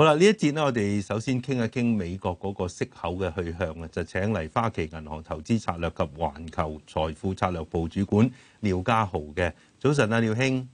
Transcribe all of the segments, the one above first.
好啦，呢一節咧，我哋首先傾一傾美國嗰個息口嘅去向啊，就請嚟花旗銀行投資策略及環球財富策劃部主管廖嘉豪嘅。早晨啊，廖兄！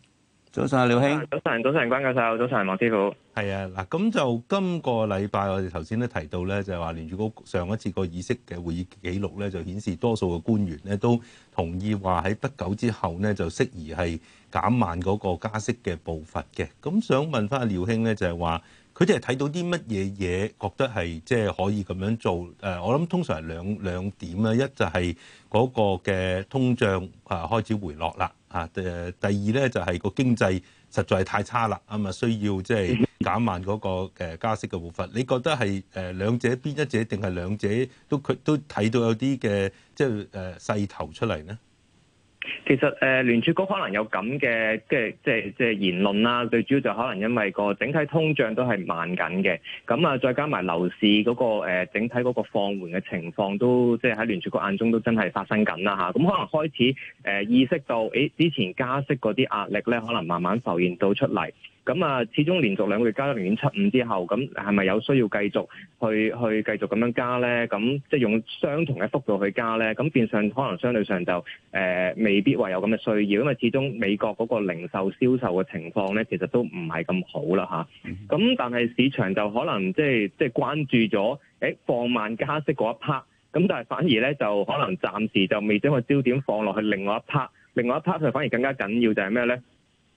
早晨啊，廖兄！早晨，早晨，關教授，早晨，莫師傅。係啊，嗱，咁就今個禮拜我哋頭先咧提到咧，就係話聯儲局上一次個議息嘅會議記錄咧，就顯示多數嘅官員咧都同意話喺不久之後呢，就適宜係減慢嗰個加息嘅步伐嘅。咁想問翻廖兄呢，就係話。佢哋係睇到啲乜嘢嘢，覺得係即係可以咁樣做。誒，我諗通常係兩兩點，一就係嗰個嘅通脹啊開始回落啦。嚇誒，第二咧就係個經濟實在係太差啦，咁啊需要即係減慢嗰個加息嘅步伐。你覺得係誒兩者邊一者定係兩者都佢都睇到有啲嘅即係誒勢頭出嚟咧？其實誒，聯儲局可能有咁嘅，即係即係即係言論啦。最主要就可能因為個整體通脹都係慢緊嘅，咁啊，再加埋樓市嗰個呃整體嗰個放緩嘅情況，都即係喺聯儲局眼中都真係發生緊啦吓。咁可能開始呃意識到，誒之前加息嗰啲壓力咧，可能慢慢浮現到出嚟。咁啊，始終連續兩個月加咗零點七五之後，咁係咪有需要繼續去去繼續咁樣加咧？咁即係用相同嘅幅度去加咧？咁變相可能相對上就誒、呃，未必話有咁嘅需要，因為始終美國嗰個零售銷售嘅情況咧，其實都唔係咁好啦嚇。咁、啊、但係市場就可能即係即係關注咗，放慢加息嗰一 part，咁但係反而咧就可能暫時就未將個焦點放落去另外一 part，另外一 part 就反而更加緊要就係咩咧？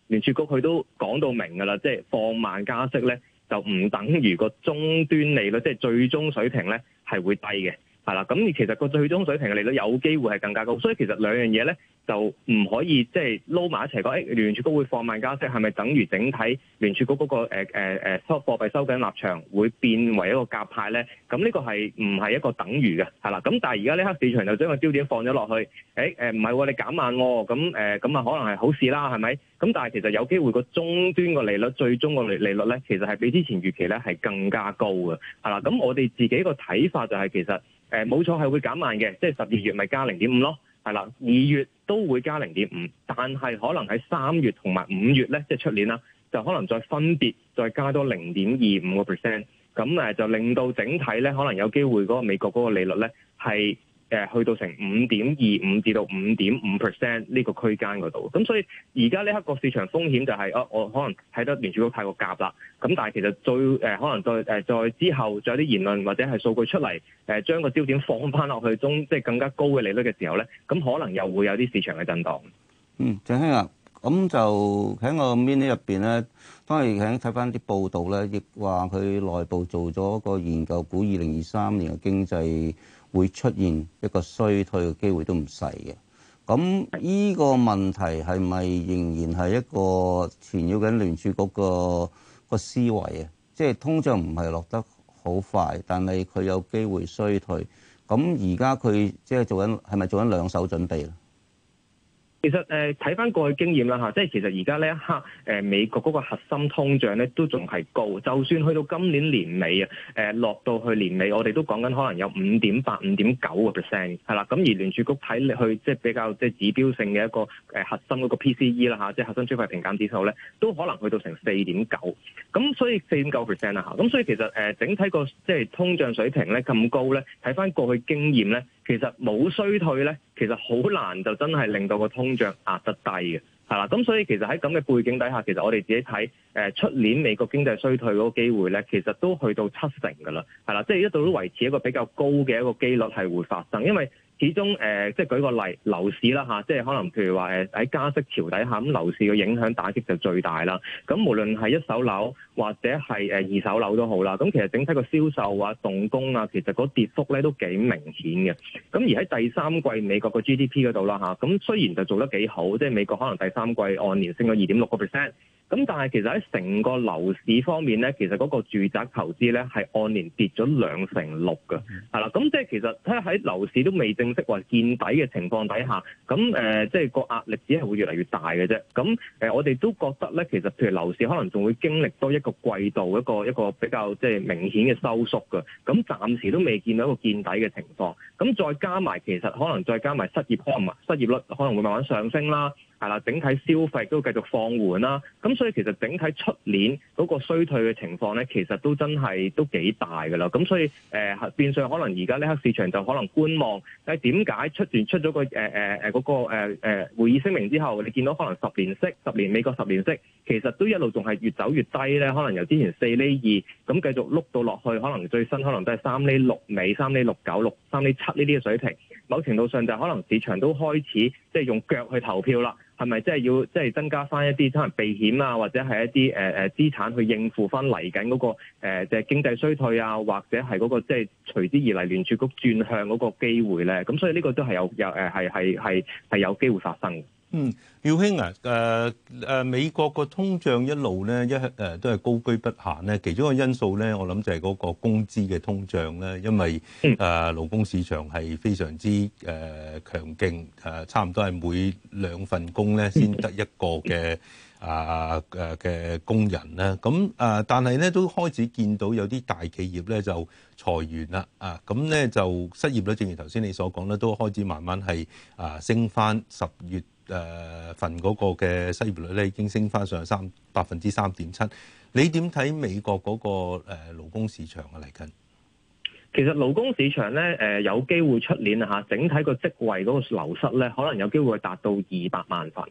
聯儲局佢都講到明㗎啦，即係放慢加息咧，就唔等於個終端利率，即係最終水平咧係會低嘅。係啦，咁而其實個最終水平嘅利率有機會係更加高，所以其實兩樣嘢咧就唔可以即係撈埋一齊講。誒、哎、聯儲局會放慢加息，係咪等於整體聯儲局嗰、嗰個誒誒誒收貨幣收緊立場會變為一個鴿派咧？咁呢個係唔係一個等於嘅？係啦，咁但係而家呢刻市場就將個焦點放咗落去，誒誒唔係喎，你減慢喎、啊，咁誒咁啊可能係好事啦，係咪？咁但係其實有機會個終端個利率最終個利利率咧，其實係比之前預期咧係更加高嘅。係啦，咁我哋自己個睇法就係、係、其實。誒冇錯，係會減慢嘅，即係十二月咪加零點五咯，係啦，二月都會加零點五，但係可能喺三月同埋五月咧，即係出年啦，就可能再分別再加多零點二五個 percent，咁誒就令到整體咧，可能有機會嗰個美國嗰個利率咧係。誒去到成五點二五至到五點五 percent 呢個區間嗰度，咁所以而家呢刻個市場風險就係，哦，我可能睇得聯儲局太過夾啦。咁但係其實最誒可能再誒再之後，再有啲言論或者係數據出嚟，誒將個焦點放翻落去中，即係更加高嘅利率嘅時候咧，咁可能又會有啲市場嘅震盪。嗯，鄭兄啊，咁就喺我 mini 入邊咧，當然喺睇翻啲報道咧，亦話佢內部做咗個研究，估二零二三年嘅經濟。會出現一個衰退嘅機會都唔細嘅，咁呢個問題係咪仍然係一個纏繞緊聯儲局個個思維啊？即係通脹唔係落得好快，但係佢有機會衰退，咁而家佢即係做緊係咪做緊兩手準備咧？其實誒、睇、呃、翻過去經驗啦嚇，即、啊、係其實而家呢一刻，誒、啊呃、美國嗰個核心通脹咧都仲係高，就算去到今年年尾啊，誒、呃、落到去年尾，我哋都講緊可能有五點八、五點九個 percent 係啦。咁而聯儲局睇去即係比較即係指標性嘅一個誒、呃、核心嗰個 PCE 啦、啊、嚇，即、就、係、是、核心消費平減指數咧，都可能去到成四點九。咁所以四點九 percent 啦嚇。咁所以其實誒、呃、整體個即係通脹水平咧咁高咧，睇翻過去經驗咧，其實冇衰退咧。其實好難就真係令到個通脹壓得低嘅，係啦。咁所以其實喺咁嘅背景底下，其實我哋自己睇誒出年美國經濟衰退嗰個機會咧，其實都去到七成噶啦，係啦，即係一度都維持一個比較高嘅一個機率係會發生，因為。始終誒，即係舉個例，樓市啦嚇，即係可能譬如話誒，喺加息潮底下，咁樓市嘅影響打擊就最大啦。咁無論係一手樓或者係誒二手樓都好啦。咁其實整體個銷售啊、動工啊，其實嗰跌幅咧都幾明顯嘅。咁而喺第三季美國個 GDP 嗰度啦嚇，咁雖然就做得幾好，即係美國可能第三季按年升咗二點六個 percent。咁但係其實喺成個樓市方面咧，其實嗰個住宅投資咧係按年跌咗兩成六㗎。係啦。咁即係其實喺喺樓市都未正式話見底嘅情況底下，咁、呃、即係個壓力只係會越嚟越大嘅啫。咁呃、我哋都覺得咧，其實譬如樓市可能仲會經歷多一個季度一個一個比較即係明顯嘅收縮嘅。咁暫時都未見到一個見底嘅情況。咁再加埋其實可能再加埋失業可能失業率可能會慢慢上升啦。係啦，整體消費都繼續放緩啦，咁所以其實整體出年嗰個衰退嘅情況咧，其實都真係都幾大㗎啦。咁所以誒變相可能而家呢刻市場就可能觀望但。誒點解出完出咗個誒誒誒嗰個誒誒會議聲明之後，你見到可能十年息、十年美國十年息，其實都一路仲係越走越低咧。可能由之前四厘二咁繼續碌到落去，可能最新可能都係三厘六尾、三厘六九六、三厘七呢啲嘅水平。某程度上就可能市場都開始即係、就是、用腳去投票啦。係咪即係要即係增加翻一啲可能避險啊，或者係一啲誒誒資產去應付翻嚟緊嗰個誒即係經濟衰退啊，或者係嗰個即係隨之而嚟聯儲局轉向嗰個機會咧？咁所以呢個都係有有誒係係係係有機會發生的。嗯，耀興啊，誒、啊、誒、啊，美國個通脹一路咧，一向、啊、誒都係高居不下咧。其中一個因素咧，我諗就係嗰個工資嘅通脹咧，因為誒、啊、勞工市場係非常之誒、啊、強勁，誒、啊、差唔多係每兩份工咧先得一個嘅 啊誒嘅工人咧。咁、啊、誒，但係咧都開始見到有啲大企業咧就裁員啦，啊咁咧就失業咧，正如頭先你所講咧，都開始慢慢係啊升翻十月。誒份嗰個嘅失業率咧已經升翻上三百分之三點七，你點睇美國嗰個誒勞工市場啊？嚟緊其實勞工市場咧誒有機會出年啊，吓整體個職位嗰個流失咧，可能有機會達到二百萬份。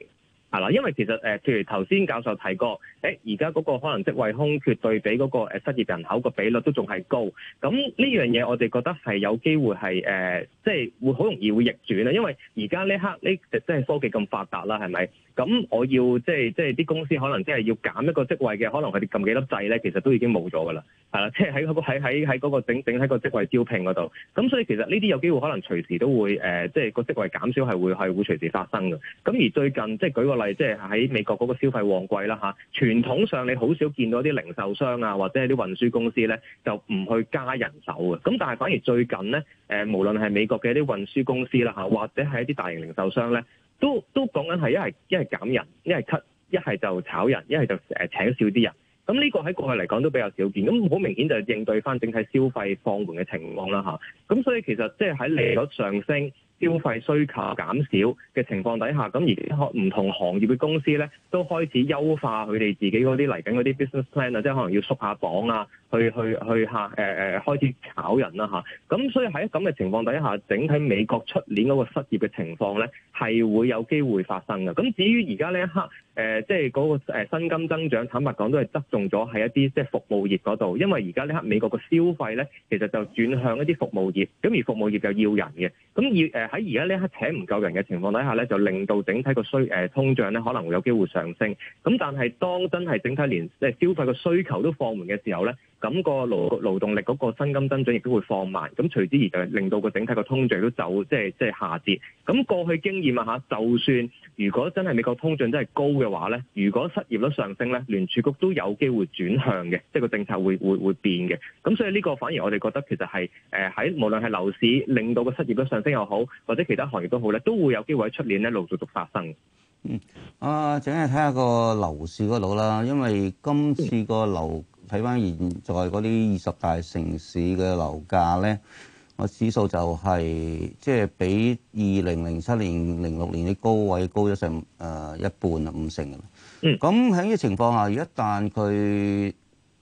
係啦，因為其實誒，譬如頭先教授提過，誒而家嗰個可能職位空缺對比嗰個誒失業人口個比率都仲係高，咁呢樣嘢我哋覺得係有機會係誒、呃，即係會好容易會逆轉啦。因為而家呢刻呢即係科技咁發達啦，係咪？咁我要即係即係啲公司可能即係要減一個職位嘅，可能佢哋撳幾粒掣咧，其實都已經冇咗㗎啦。係啦，即係喺喺喺喺嗰個整整喺個職位招聘嗰度，咁所以其實呢啲有機會可能隨時都會誒、呃，即係個職位減少係會係會隨時發生嘅。咁而最近即係舉個。例如即係喺美國嗰個消費旺季啦嚇，傳統上你好少見到啲零售商啊，或者係啲運輸公司咧，就唔去加人手嘅。咁但係反而最近咧，誒無論係美國嘅一啲運輸公司啦嚇，或者係一啲大型零售商咧，都都講緊係一係一係減人，一係 cut，一係就炒人，一係就誒請少啲人。咁、這、呢個喺過去嚟講都比較少見，咁好明顯就係應對翻整體消費放緩嘅情況啦嚇。咁所以其實即係喺利率上升，消費需求減少嘅情況底下，咁而家唔同行業嘅公司咧，都開始優化佢哋自己嗰啲嚟緊嗰啲 business plan 啊，即係可能要縮下磅啊。去去去嚇誒誒，開始炒人啦吓。咁、啊、所以喺咁嘅情況底下，整體美國出年嗰個失業嘅情況咧，係會有機會發生嘅。咁至於而家呢一刻誒即係嗰個誒薪、呃、金增長，坦白講都係側重咗喺一啲即係服務業嗰度，因為而家呢刻美國嘅消費咧，其實就轉向一啲服務業，咁而服務業就要人嘅，咁而誒喺而家呢一刻請唔夠人嘅情況底下咧，就令到整體個需誒通脹咧可能會有機會上升。咁但係當真係整體連即係消費嘅需求都放緩嘅時候咧。咁個勞勞動力嗰個薪金增長亦都會放慢，咁隨之而就令到個整體個通脹都走，即係即係下跌。咁過去經驗啊嚇，就算如果真係美國通脹真係高嘅話咧，如果失業率上升咧，聯儲局都有機會轉向嘅，即係個政策會會會變嘅。咁所以呢個反而我哋覺得其實係誒喺無論係樓市令到個失業率上升又好，或者其他行業都好咧，都會有機會喺出年咧陸續續發生。嗯，啊，淨係睇下看看個樓市嗰度啦，因為今次個樓。嗯睇翻現在嗰啲二十大城市嘅樓價呢，我指數就係即係比二零零七年、零六年啲高位高咗成，誒一半啊，五成嘅。咁喺呢個情況下，如果一旦佢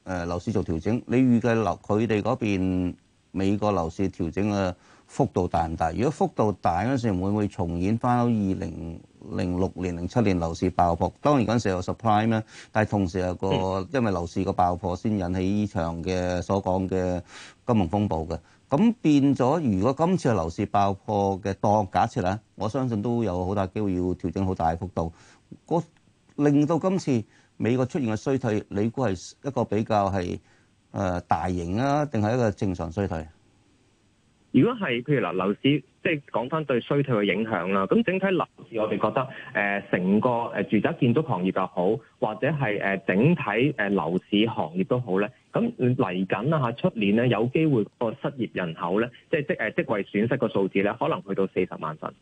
誒樓市做調整，你預計樓佢哋嗰邊美國樓市調整嘅幅度大唔大？如果幅度大嗰陣時候，會唔會重演翻到二零？零六年、零七年樓市爆破，當然嗰陣時有 surprise 咧，但係同時有個，因為樓市個爆破先引起呢場嘅所講嘅金融風暴嘅。咁變咗，如果今次嘅樓市爆破嘅當，假設啦，我相信都有好大機會要調整好大嘅幅度。我令到今次美國出現嘅衰退，你估係一個比較係誒大型啊，定係一個正常衰退？如果係，譬如嗱，樓市。即係講翻對衰退嘅影響啦，咁整體樓市我哋覺得，成、呃、個住宅建築行業又好，或者係、呃、整體誒樓市行業都好咧，咁嚟緊啦嚇，出年咧有機會個失業人口咧，即係即誒職位損失個數字咧，可能去到四十萬人。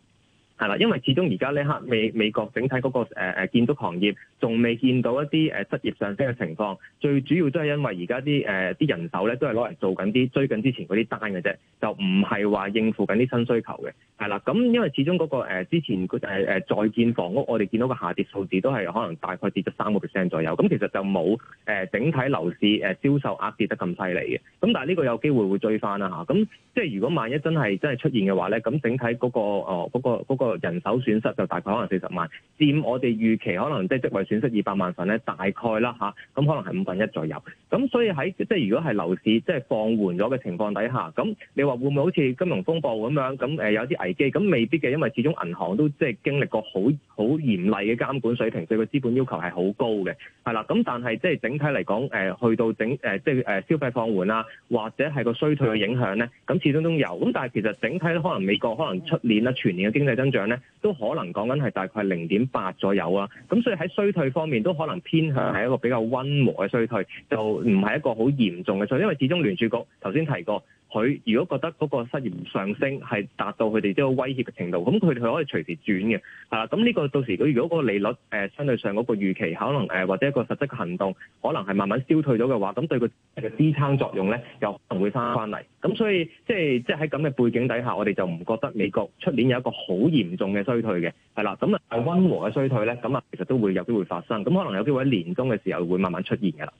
係啦，因為始終而家呢刻美美國整體嗰、嗰個誒、呃、建築行業仲未見到一啲、呃、失業上升嘅情況，最主要都係因為而家啲誒啲人手咧都係攞嚟做緊啲追緊之前嗰啲單嘅啫，就唔係話應付緊啲新需求嘅。係啦，咁因為始終嗰、嗰個、呃、之前、呃呃、再在建房屋，我哋見到個下跌數字都係可能大概跌咗三個 percent 左右，咁其實就冇誒、呃、整體樓市誒、呃、銷售額跌得咁犀利嘅。咁但係呢個有機會會追翻啦嚇。咁、啊、即係如果萬一真係真係出現嘅話咧，咁整體嗰個個嗰嗰個。呃嗰個嗰個人手損失就大概可能四十萬，佔我哋預期可能即係職位損失二百萬份咧，大概啦嚇，咁、啊啊、可能係五分一左右。咁所以喺即係如果係樓市即係放緩咗嘅情況底下，咁你話會唔會好似金融風暴咁樣？咁誒、呃、有啲危機，咁未必嘅，因為始終銀行都即係經歷過好好嚴厲嘅監管水平，所以個資本要求係好高嘅，係啦。咁但係即係整體嚟講，誒、呃、去到整誒、呃、即係誒消費放緩啦，或者係個衰退嘅影響咧，咁始終都有。咁但係其實整體可能美國可能出年啦，全年嘅經濟增長咧都可能講緊係大概係零點八左右啊，咁所以喺衰退方面都可能偏向係一個比較溫和嘅衰退，就唔係一個好嚴重嘅衰退，因為始終聯儲局頭先提過。佢如果覺得嗰個失業上升係達到佢哋嘅威脅嘅程度，咁佢哋可以隨時轉嘅，係、啊、啦。咁呢個到時如果如果個利率誒、呃、相對上嗰個預期，可能誒、呃、或者一個實質嘅行動，可能係慢慢消退咗嘅話，咁對佢嘅支撐作用咧，又可能會翻翻嚟。咁所以即係即係喺咁嘅背景底下，我哋就唔覺得美國出年有一個好嚴重嘅衰退嘅，係啦。咁啊，溫和嘅衰退咧，咁啊其實都會有機會發生。咁可能有機會喺年中嘅時候會慢慢出現嘅啦。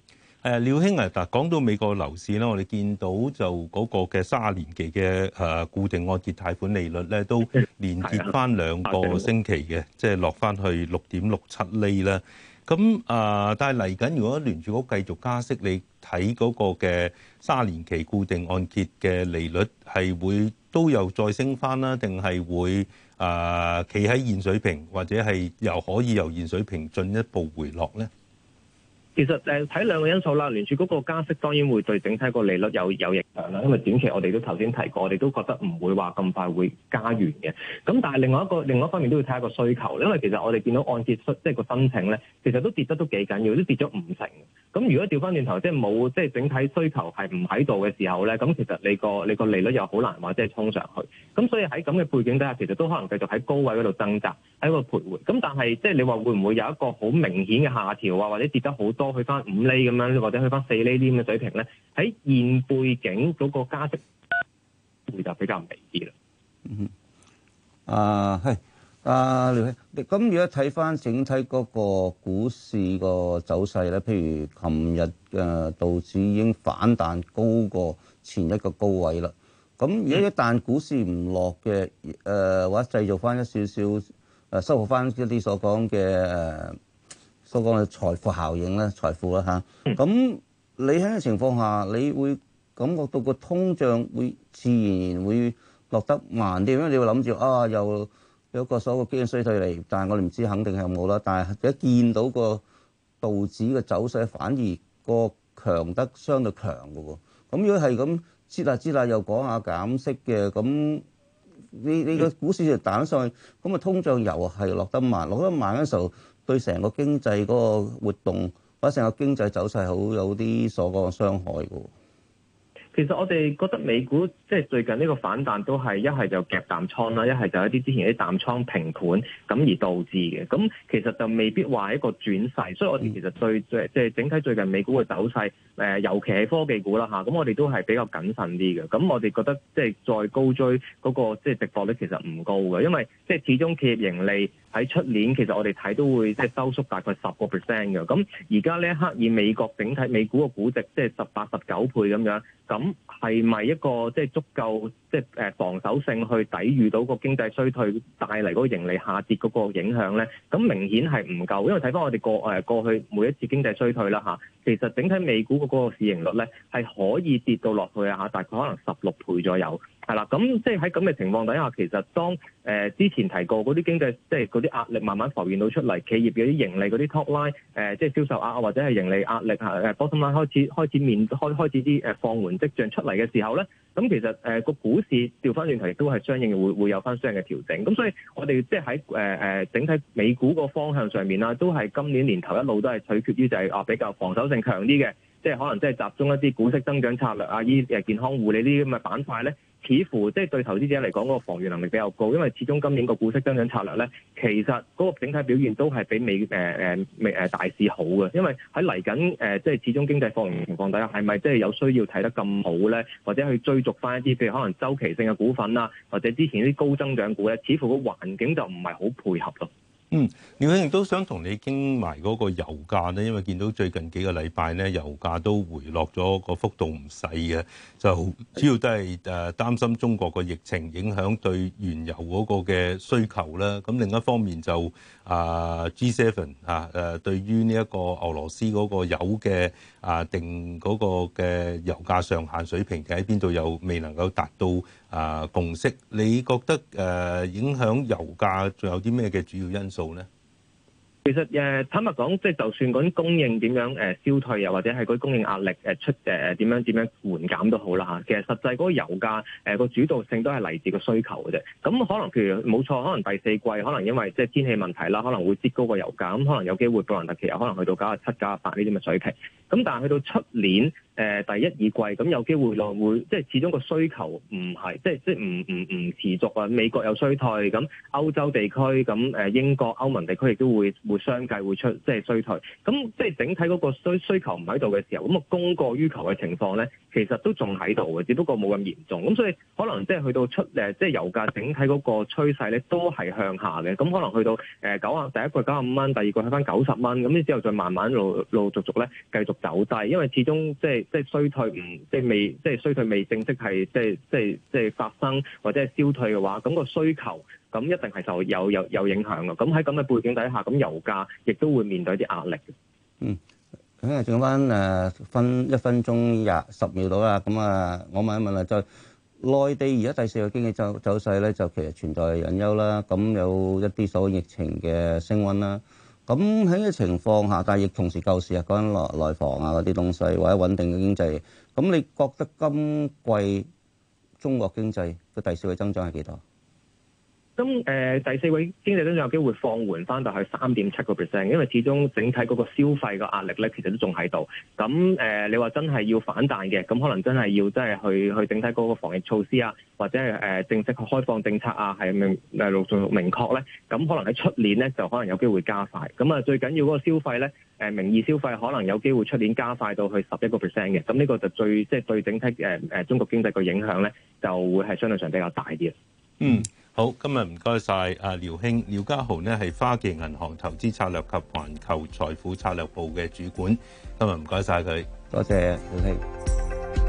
誒，廖兄啊，嗱，講到美國樓市啦，我哋見到就嗰個嘅卅年期嘅誒固定按揭貸款利率咧，都連跌翻兩個星期嘅，即係落翻去六點六七厘啦。咁啊，但係嚟緊如果聯儲局繼續加息，你睇嗰個嘅卅年期固定按揭嘅利率係會都有再升翻啦，定係會啊企喺現水平，或者係又可以由現水平進一步回落咧？其實誒睇兩個因素啦，聯儲嗰個加息當然會對整體個利率有有影響啦。因為短期我哋都頭先提過，我哋都覺得唔會話咁快會加完嘅。咁但係另外一個另外一方面都要睇下個需求，因為其實我哋見到按揭申即係個申請咧，其實都跌得都幾緊要，都跌咗五成。咁如果調翻轉頭，即係冇即係整體需求係唔喺度嘅時候咧，咁其實你個你個利率又好難話即係衝上去。咁所以喺咁嘅背景底下，其實都可能繼續喺高位嗰度掙扎喺度徘徊。咁但係即係你話會唔會有一個好明顯嘅下調啊？或者跌得好多？多去翻五厘咁樣，或者去翻四厘啲咁嘅水平咧，喺現背景嗰個加息會就比較微啲啦。嗯，啊係，啊廖，咁如果睇翻整體嗰個股市個走勢咧，譬如琴日嘅道指已經反彈高過前一個高位啦。咁如果一旦股市唔落嘅，誒、呃、或者製造翻一少少，誒、呃、收復翻一啲所講嘅誒。呃所講嘅財富效應咧，財富啦吓，咁、嗯、你喺嘅情況下，你會感覺到個通脹會自然會落得慢啲，因為你會諗住啊，又有，有一個所謂嘅經濟衰退嚟。但係我哋唔知肯定係冇啦。但係一見到個道指嘅走勢反而個強得相對強㗎喎。咁如果係咁、啊啊啊，知啦知啦又講下減息嘅，咁你你個股市就彈上去，咁啊通脹又係落得慢，落得慢嘅時候。對成個經濟嗰個活動，或者成個經濟走勢，好有啲所講嘅傷害。其實我哋覺得美股即係最近呢個反彈都係一係就夾淡倉啦，一係就一啲之前啲淡倉平盤咁而導致嘅。咁其實就未必話一個轉勢，所以我哋其實最即係整體最近美股嘅走勢，呃、尤其係科技股啦嚇，咁、啊、我哋都係比較謹慎啲嘅。咁我哋覺得即係再高追嗰、那個即係值博率其實唔高嘅，因為即係始終企業盈利喺出年其實我哋睇都會即係收縮大概十個 percent 嘅。咁而家呢刻以美國整體美股嘅估值即係十八、十九倍咁樣咁。咁係咪一個即係足夠即係誒防守性去抵御到個經濟衰退帶嚟個盈利下跌嗰個影響咧？咁明顯係唔夠，因為睇翻我哋過誒過去每一次經濟衰退啦吓，其實整體美股嗰個市盈率咧係可以跌到落去啊吓，大概可能十六倍左右。係啦，咁即係喺咁嘅情況底下，其實當誒、呃、之前提過嗰啲經濟，即係嗰啲壓力慢慢浮現到出嚟，企業嘅啲盈利嗰啲 top line，即、呃、係、就是、銷售額或者係盈利壓力、uh, bottom line 開始開始面開始啲放緩跡象出嚟嘅時候咧，咁其實誒個、呃、股市調翻轉頭亦都係相應會會有翻相應嘅調整。咁所以我哋即係喺整體美股個方向上面啦，都係今年年頭一路都係取決於就係啊比較防守性強啲嘅，即、就、係、是、可能即係集中一啲股息增長策略啊，健康護理呢啲咁嘅板塊咧。似乎即係、就是、對投資者嚟講，嗰、那個防禦能力比較高，因為始終今年個股息增長策略咧，其實嗰個整體表現都係比美誒誒美誒大市好嘅。因為喺嚟緊誒，即、呃、係始終經濟放緩情況底下，係咪即係有需要睇得咁好咧？或者去追逐翻一啲譬如可能周期性嘅股份啊，或者之前啲高增長股咧，似乎個環境就唔係好配合咯。嗯，廖嘉豪，亦都想同你傾埋嗰個油價咧，因為見到最近幾個禮拜咧，油價都回落咗個幅度唔細嘅，就主要都係誒擔心中國個疫情影響對原油嗰個嘅需求啦。咁另一方面就啊 G Seven 啊誒，對於呢一個俄羅斯嗰個油嘅啊定嗰個嘅油價上限水平嘅喺邊度又未能夠達到。啊，共識，你覺得誒、啊、影響油價仲有啲咩嘅主要因素咧？其實誒坦白講，即係就算嗰啲供應點樣誒消退，又或者係嗰啲供應壓力誒出誒點樣點樣緩減都好啦嚇。其實實際嗰個油價誒個主導性都係嚟自個需求嘅啫。咁可能譬如冇錯，可能第四季可能因為即係天氣問題啦，可能會擠高個油價，咁可能有機會布蘭特期油可能去到九啊七、九啊八呢啲嘅水平。咁但係去到出年。誒、呃、第一二季咁有機會落會,會，即係始終個需求唔係，即係即係唔唔唔持續啊！美國有衰退，咁歐洲地區咁、呃、英國歐盟地區亦都會會相繼會出即係衰退，咁即係整體嗰個需需求唔喺度嘅時候，咁個供過於求嘅情況咧，其實都仲喺度嘅，只不過冇咁嚴重。咁所以可能即係去到出誒即係油價整體嗰個趨勢咧，都係向下嘅。咁可能去到誒九啊第一季九十五蚊，第二季去翻九十蚊，咁之後再慢慢路路續續咧繼續走低，因為始終即係即係衰退唔即係未即係衰退未正式係即係即係即係發生或者係消退嘅話，咁個需求咁一定係受有有有影響嘅。咁喺咁嘅背景底下，咁油價亦都會面對一啲壓力。嗯，咁啊，剩翻誒分一分鐘廿十秒到啦。咁啊，我問一問啊，就內地而家第四個經濟走走勢咧，就其實存在隱憂啦。咁有一啲所謂疫情嘅升溫啦。咁喺呢個情況下，但係亦同時救市啊，講緊內房啊，嗰啲東西，或者穩定嘅經濟。咁你覺得今季中國經濟嘅第四位增長係幾多？咁誒、呃、第四位經濟增長有機會放緩翻到去三點七個 percent，因為始終整體嗰個消費個壓力咧，其實都仲喺度。咁誒、呃，你話真係要反彈嘅，咁可能真係要真係去去整體嗰個防疫措施啊，或者係誒、呃、正式開放政策啊，係明誒陸續明確咧。咁可能喺出年咧，就可能有機會加快。咁啊，最緊要嗰個消費咧，誒、呃、名義消費可能有機會出年加快到去十一個 percent 嘅。咁呢個就最即係對整體、呃、中國經濟個影響咧，就會係相對上比較大啲。嗯。好，今日唔該晒阿廖兄，廖嘉豪呢係花旗銀行投資策略及環球財富策劃部嘅主管。今日唔該晒佢，多謝，廖兄。